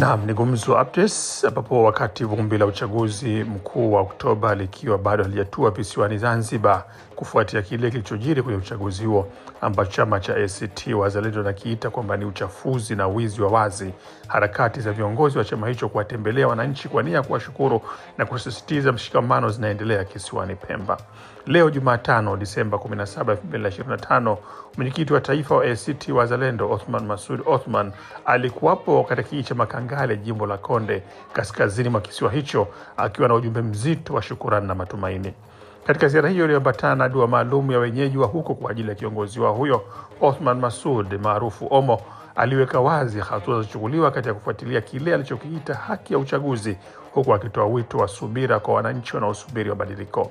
Naam, ni Gumzo Updates ambapo wakati vumbi la uchaguzi mkuu wa Oktoba likiwa bado halijatua visiwani Zanzibar kufuatia kile kilichojiri kwenye uchaguzi huo ambacho chama cha ACT Wazalendo nakiita kwamba ni uchafuzi na wizi wa wazi, harakati za viongozi wa chama hicho kuwatembelea wananchi kwa nia ya kuwashukuru na kusisitiza mshikamano zinaendelea kisiwani Pemba. Leo Jumatano, Disemba 17, 2025, mwenyekiti wa taifa wa ACT Wazalendo Othman Masud Othman alikuwapo katika kijiji cha Makanga Nyangale, jimbo la Konde, kaskazini mwa kisiwa hicho, akiwa na ujumbe mzito wa shukurani na matumaini. Katika ziara hiyo iliyoambatana na dua maalum ya wenyeji wa huko kwa ajili ya kiongozi wao huyo, Othman Masud maarufu Omo aliweka wazi hatua zilizochukuliwa ya kufuatilia kile alichokiita haki ya uchaguzi, huku akitoa wito wa subira kwa wananchi wanaosubiri mabadiliko.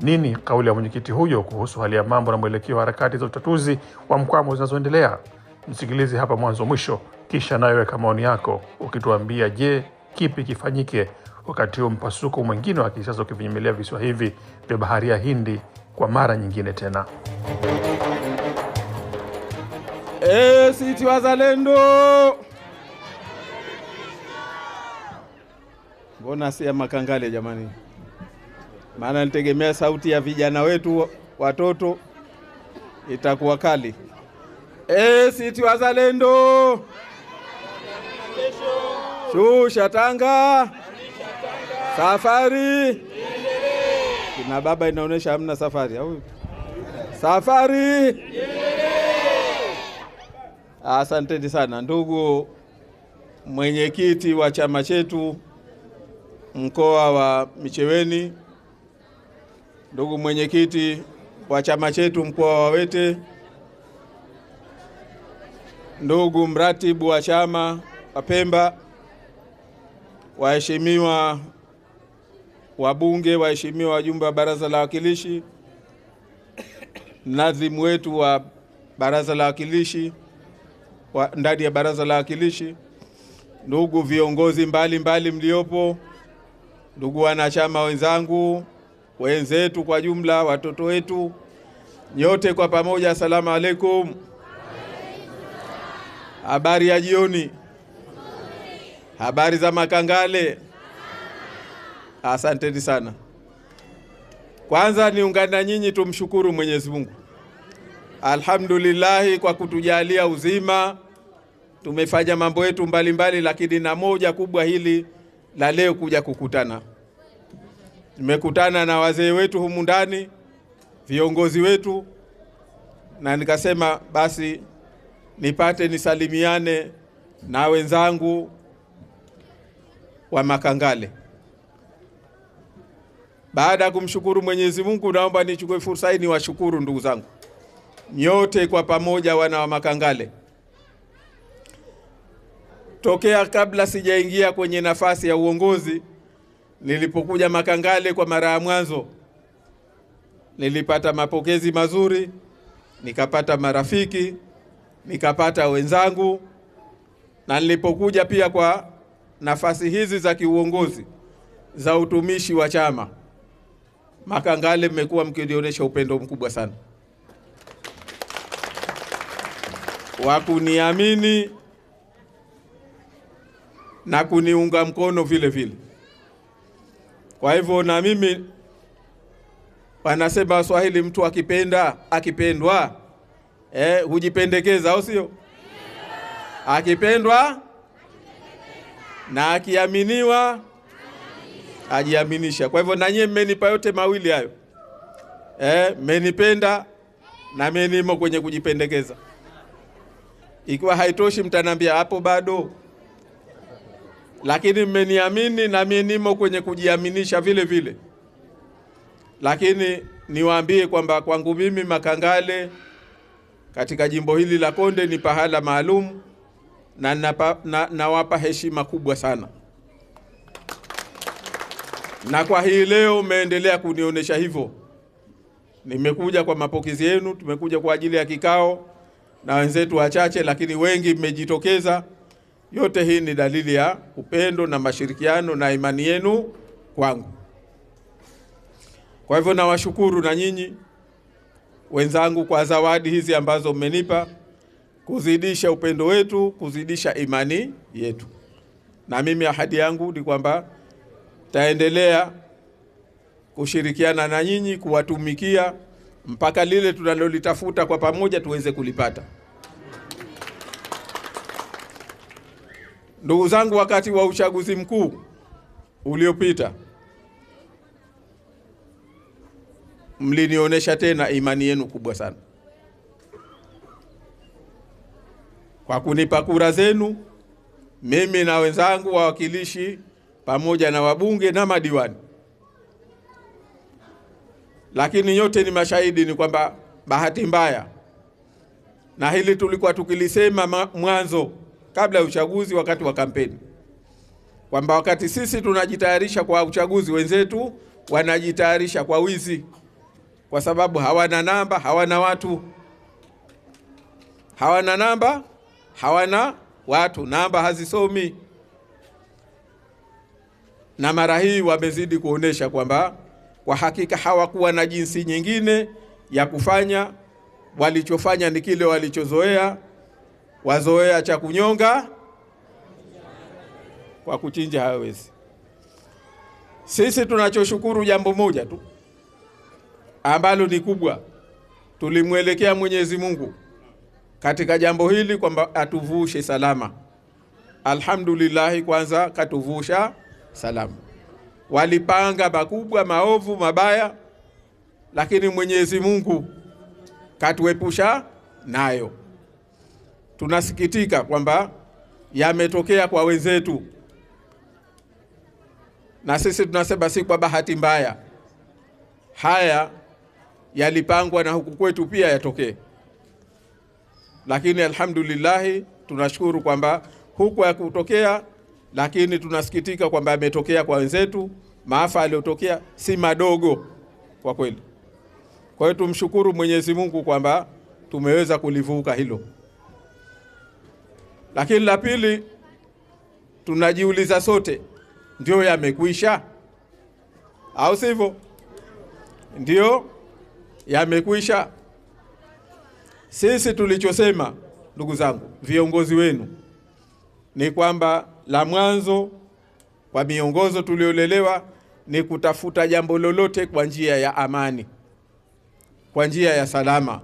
Nini kauli ya mwenyekiti huyo kuhusu hali ya mambo na mwelekeo wa harakati za utatuzi wa mkwamo zinazoendelea? Msikilize hapa mwanzo mwisho kisha naweka maoni yako ukituambia, je, kipi kifanyike wakati huu mpasuko mwingine wa kisiasa ukivinyemelea visiwa hivi vya bahari ya Hindi kwa mara nyingine tena. ACT eh, e, Wazalendo, mbona si ya makangale jamani? Maana nitegemea sauti ya vijana wetu watoto itakuwa kali. ACT eh, e, Wazalendo. Shusha tanga, safari kina baba, inaonyesha hamna safari au safari. Asanteni sana ndugu mwenyekiti wa chama chetu mkoa wa Micheweni, ndugu mwenyekiti wa chama chetu mkoa wa Wete, ndugu mratibu wa chama Wapemba, waheshimiwa wabunge, waheshimiwa wajumbe wa Baraza la wakilishi mnadhimu wetu wa Baraza la wa ndani ya Baraza la wakilishi ndugu viongozi mbalimbali mliopo, ndugu wanachama wenzangu, wenzetu kwa jumla, watoto wetu, nyote kwa pamoja, asalamu alaikum. Habari ya jioni. Habari za Makangale, asanteni sana. Kwanza niungana nyinyi tumshukuru Mwenyezi Mungu alhamdulillahi kwa kutujalia uzima. Tumefanya mambo yetu mbalimbali, lakini na moja kubwa hili la leo kuja kukutana. Nimekutana na wazee wetu humu ndani, viongozi wetu, na nikasema basi nipate nisalimiane na wenzangu wa Makangale. Baada ya kumshukuru Mwenyezi Mungu, naomba nichukue fursa hii niwashukuru ndugu zangu nyote kwa pamoja, wana wa Makangale. Tokea kabla sijaingia kwenye nafasi ya uongozi, nilipokuja Makangale kwa mara ya mwanzo, nilipata mapokezi mazuri, nikapata marafiki, nikapata wenzangu, na nilipokuja pia kwa nafasi hizi za kiuongozi za utumishi wa chama, Makangale mmekuwa mkionyesha upendo mkubwa sana wa kuniamini na kuniunga mkono vile vile. Kwa hivyo na mimi, wanasema Waswahili, mtu akipenda akipendwa, eh, hujipendekeza au sio? Akipendwa na akiaminiwa ajiaminisha. Kwa hivyo na nyie mmenipa yote mawili hayo eh, mmenipenda na mimi nimo kwenye kujipendekeza. Ikiwa haitoshi, mtanambia hapo bado, lakini mmeniamini na mimi nimo kwenye kujiaminisha vile vile. Lakini niwaambie kwamba kwangu mimi Makangale katika jimbo hili la Konde ni pahala maalum na nawapa na, na heshima kubwa sana na kwa hii leo umeendelea kunionyesha hivyo. Nimekuja kwa mapokezi yenu, tumekuja kwa ajili ya kikao na wenzetu wachache, lakini wengi mmejitokeza. Yote hii ni dalili ya upendo na mashirikiano na imani yenu kwangu. Kwa hivyo nawashukuru na nyinyi wenzangu kwa zawadi hizi ambazo mmenipa kuzidisha upendo wetu, kuzidisha imani yetu. Na mimi ahadi yangu ni kwamba taendelea kushirikiana na nyinyi kuwatumikia mpaka lile tunalolitafuta kwa pamoja tuweze kulipata. Ndugu zangu, wakati wa uchaguzi mkuu uliopita mlinionyesha tena imani yenu kubwa sana. kwa kunipa kura zenu mimi na wenzangu wawakilishi pamoja na wabunge na madiwani. Lakini nyote ni mashahidi ni kwamba bahati mbaya, na hili tulikuwa tukilisema mwanzo kabla ya uchaguzi, wakati wa kampeni, kwamba wakati sisi tunajitayarisha kwa uchaguzi, wenzetu wanajitayarisha kwa wizi, kwa sababu hawana namba, hawana watu, hawana namba hawana watu, namba hazisomi, na mara hii wamezidi kuonesha kwamba kwa hakika hawakuwa na jinsi nyingine ya kufanya. Walichofanya ni kile walichozoea, wazoea cha kunyonga kwa kuchinja, hawezi. Sisi tunachoshukuru jambo moja tu ambalo ni kubwa, tulimwelekea Mwenyezi Mungu katika jambo hili kwamba atuvushe salama. Alhamdulillahi, kwanza katuvusha salama. Walipanga makubwa maovu mabaya, lakini Mwenyezi Mungu katuepusha nayo. Tunasikitika kwamba yametokea kwa wenzetu, na sisi tunasema si kwa bahati mbaya. Haya yalipangwa na huku kwetu pia yatokee. Lakini alhamdulillahi tunashukuru kwamba huku kutokea lakini tunasikitika kwamba yametokea kwa wenzetu. Maafa aliyotokea si madogo kwa kweli. Kwa hiyo tumshukuru Mwenyezi Mungu kwamba tumeweza kulivuka hilo. Lakini la pili tunajiuliza sote, ndio yamekwisha au sivyo? Ndio yamekwisha. Sisi tulichosema ndugu zangu viongozi wenu ni kwamba la mwanzo kwa miongozo tuliolelewa ni kutafuta jambo lolote kwa njia ya amani, kwa njia ya salama.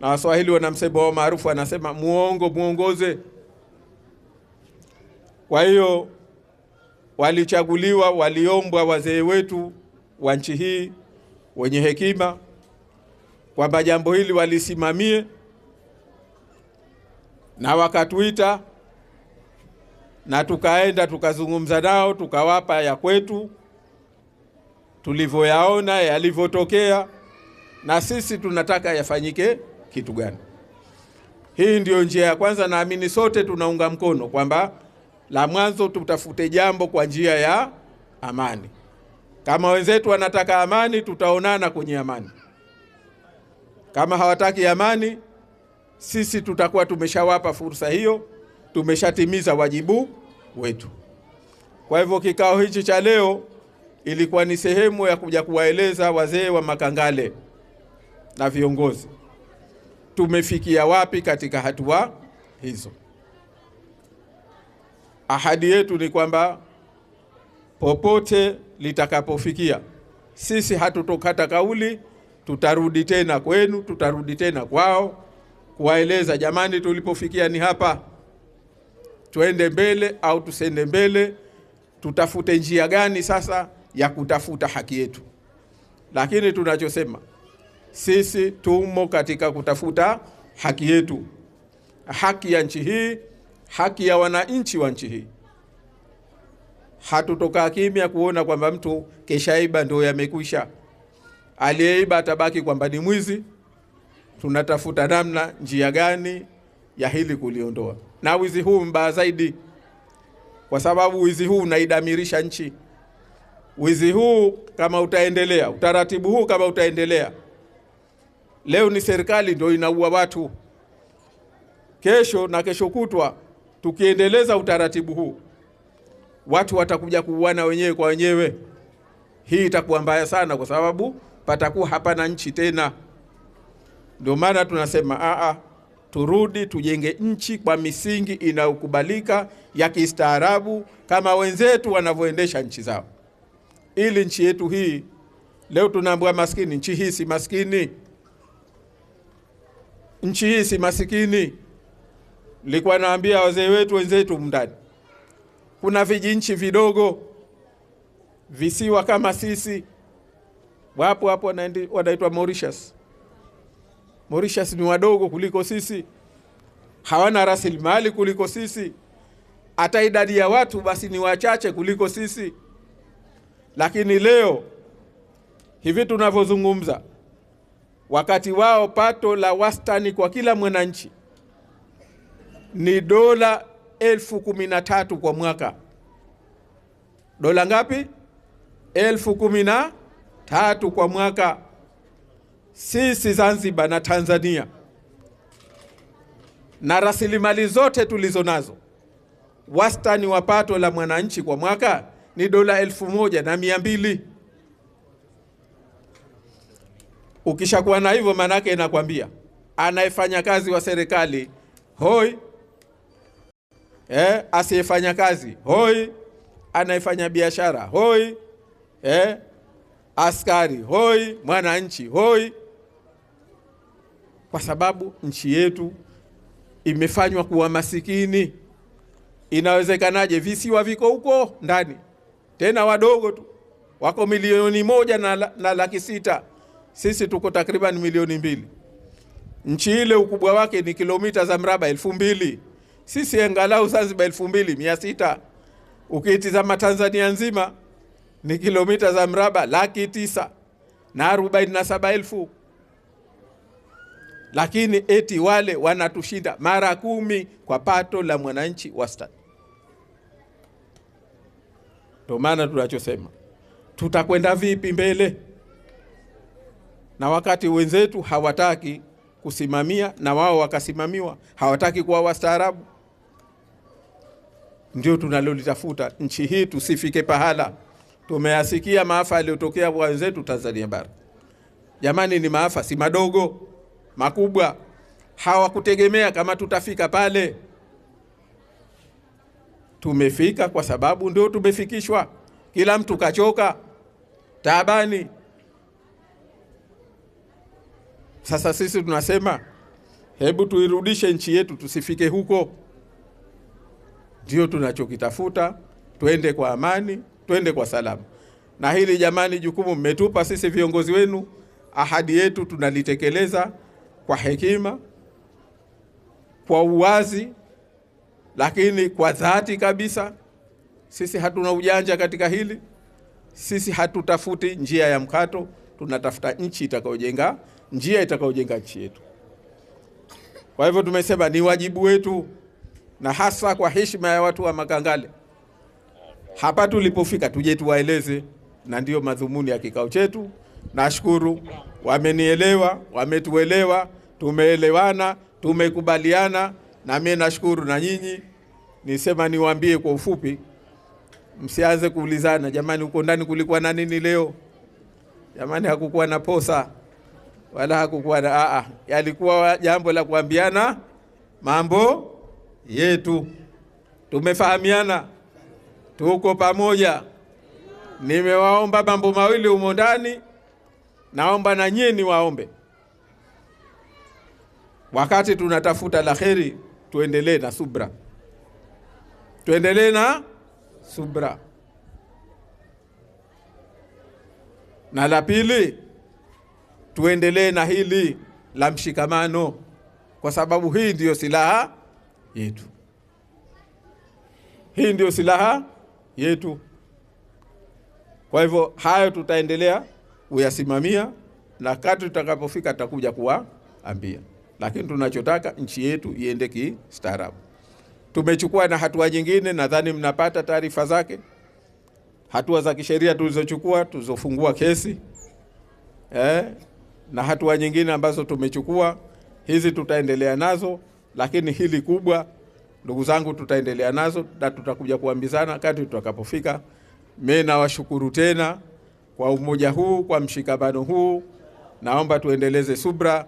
Na Waswahili wana msemo wao maarufu, anasema muongo muongoze. Kwa hiyo walichaguliwa, waliombwa wazee wetu wa nchi hii wenye hekima kwamba jambo hili walisimamie, na wakatuita na tukaenda tukazungumza nao, tukawapa ya kwetu tulivyoyaona yalivyotokea, na sisi tunataka yafanyike kitu gani. Hii ndiyo njia ya kwanza. Naamini sote tunaunga mkono kwamba la mwanzo tutafute jambo kwa njia ya amani. Kama wenzetu wanataka amani, tutaonana kwenye amani. Kama hawataki amani, sisi tutakuwa tumeshawapa fursa hiyo, tumeshatimiza wajibu wetu. Kwa hivyo kikao hichi cha leo ilikuwa ni sehemu ya kuja kuwaeleza wazee wa Makangale na viongozi tumefikia wapi katika hatua hizo. Ahadi yetu ni kwamba popote litakapofikia, sisi hatutokata kauli tutarudi tena kwenu, tutarudi tena kwao kuwaeleza, jamani, tulipofikia ni hapa, tuende mbele au tusiende mbele, tutafute njia gani sasa ya kutafuta haki yetu. Lakini tunachosema sisi, tumo katika kutafuta haki yetu, haki ya nchi hii, haki ya wananchi wa nchi hii. Hatutoka kimya kuona kwamba mtu keshaiba ndio yamekwisha. Aliyeiba atabaki kwamba ni mwizi. Tunatafuta namna, njia gani ya hili kuliondoa, na wizi huu mbaya zaidi, kwa sababu wizi huu unaidamirisha nchi. Wizi huu kama utaendelea, utaratibu huu kama utaendelea, leo ni serikali ndio inaua watu, kesho na kesho kutwa, tukiendeleza utaratibu huu watu watakuja kuuana wenyewe kwa wenyewe. Hii itakuwa mbaya sana, kwa sababu patakuwa hapana nchi tena. Ndio maana tunasema aa, ah, ah, turudi tujenge nchi kwa misingi inayokubalika ya kistaarabu kama wenzetu wanavyoendesha nchi zao, ili nchi yetu hii leo tunaambiwa maskini. Nchi hii si maskini, nchi hii si masikini. Nilikuwa naambia wazee wetu wenzetu mndani, kuna vijinchi vidogo, visiwa kama sisi wapo hapo wanaitwa Mauritius. Mauritius ni wadogo kuliko sisi, hawana rasilimali kuliko sisi, hata idadi ya watu basi ni wachache kuliko sisi. Lakini leo hivi tunavyozungumza, wakati wao pato la wastani kwa kila mwananchi ni dola elfu kumi na tatu kwa mwaka. Dola ngapi? elfu kumi na tatu kwa mwaka. Sisi Zanzibar na Tanzania na rasilimali zote tulizo nazo, wastani wa pato la mwananchi kwa mwaka ni dola elfu moja na mia mbili. Ukishakuwa na hivyo, maanake inakwambia anayefanya kazi wa serikali hoi, eh, asiyefanya kazi hoi, anayefanya biashara hoi, eh, Askari hoi, mwananchi hoi, kwa sababu nchi yetu imefanywa kuwa masikini. Inawezekanaje? Visiwa viko huko ndani, tena wadogo tu, wako milioni moja na, na laki sita. Sisi tuko takriban milioni mbili. Nchi ile ukubwa wake ni kilomita za mraba elfu mbili sisi angalau Zanzibar elfu mbili mia sita. Ukiitizama Tanzania nzima ni kilomita za mraba laki tisa na arobaini na saba elfu lakini eti wale wanatushinda mara kumi kwa pato la mwananchi wastani. Ndio maana tunachosema tutakwenda vipi mbele, na wakati wenzetu hawataki kusimamia na wao wakasimamiwa, hawataki kuwa wastaarabu. Ndio tunalolitafuta nchi hii, tusifike pahala Tumeyasikia maafa yaliyotokea kwa wenzetu Tanzania bara. Jamani, ni maafa si madogo, makubwa. Hawakutegemea kama tutafika pale. Tumefika kwa sababu ndio tumefikishwa. Kila mtu kachoka, taabani. Sasa sisi tunasema hebu tuirudishe nchi yetu, tusifike huko. Ndio tunachokitafuta, twende kwa amani twende kwa salama. Na hili jamani, jukumu mmetupa sisi viongozi wenu, ahadi yetu tunalitekeleza kwa hekima, kwa uwazi, lakini kwa dhati kabisa. Sisi hatuna ujanja katika hili. Sisi hatutafuti njia ya mkato, tunatafuta nchi itakayojenga njia itakayojenga nchi yetu. Kwa hivyo tumesema ni wajibu wetu, na hasa kwa heshima ya watu wa Makangale hapa tulipofika tuje tuwaeleze, na ndiyo madhumuni ya kikao chetu. Nashukuru wamenielewa, wametuelewa, tumeelewana, tumekubaliana, na mimi nashukuru. Na nyinyi nisema niwaambie kwa ufupi, msianze kuulizana, jamani, huko ndani kulikuwa na nini leo? Jamani, hakukuwa na posa wala hakukuwa na aa, yalikuwa jambo la kuambiana mambo yetu, tumefahamiana tuko pamoja. Nimewaomba mambo mawili humo ndani, naomba na nyinyi niwaombe. Wakati tunatafuta la kheri, tuendelee na subra, tuendelee na subra. Na la pili, tuendelee na hili la mshikamano, kwa sababu hii ndiyo silaha yetu, hii ndiyo silaha yetu. Kwa hivyo hayo tutaendelea kuyasimamia na kadri tutakapofika tutakuja kuwaambia, lakini tunachotaka nchi yetu iende kistaarabu. Tumechukua na hatua nyingine, nadhani mnapata taarifa zake, hatua za kisheria tulizochukua, tulizofungua kesi eh, na hatua nyingine ambazo tumechukua. Hizi tutaendelea nazo, lakini hili kubwa Ndugu zangu, tutaendelea nazo na tutakuja kuambizana kati tutakapofika. Mimi nawashukuru tena kwa umoja huu, kwa mshikamano huu, naomba tuendeleze subra.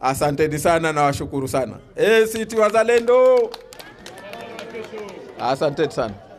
Asanteni sana, nawashukuru sana. ACT Wazalendo, asanteni sana.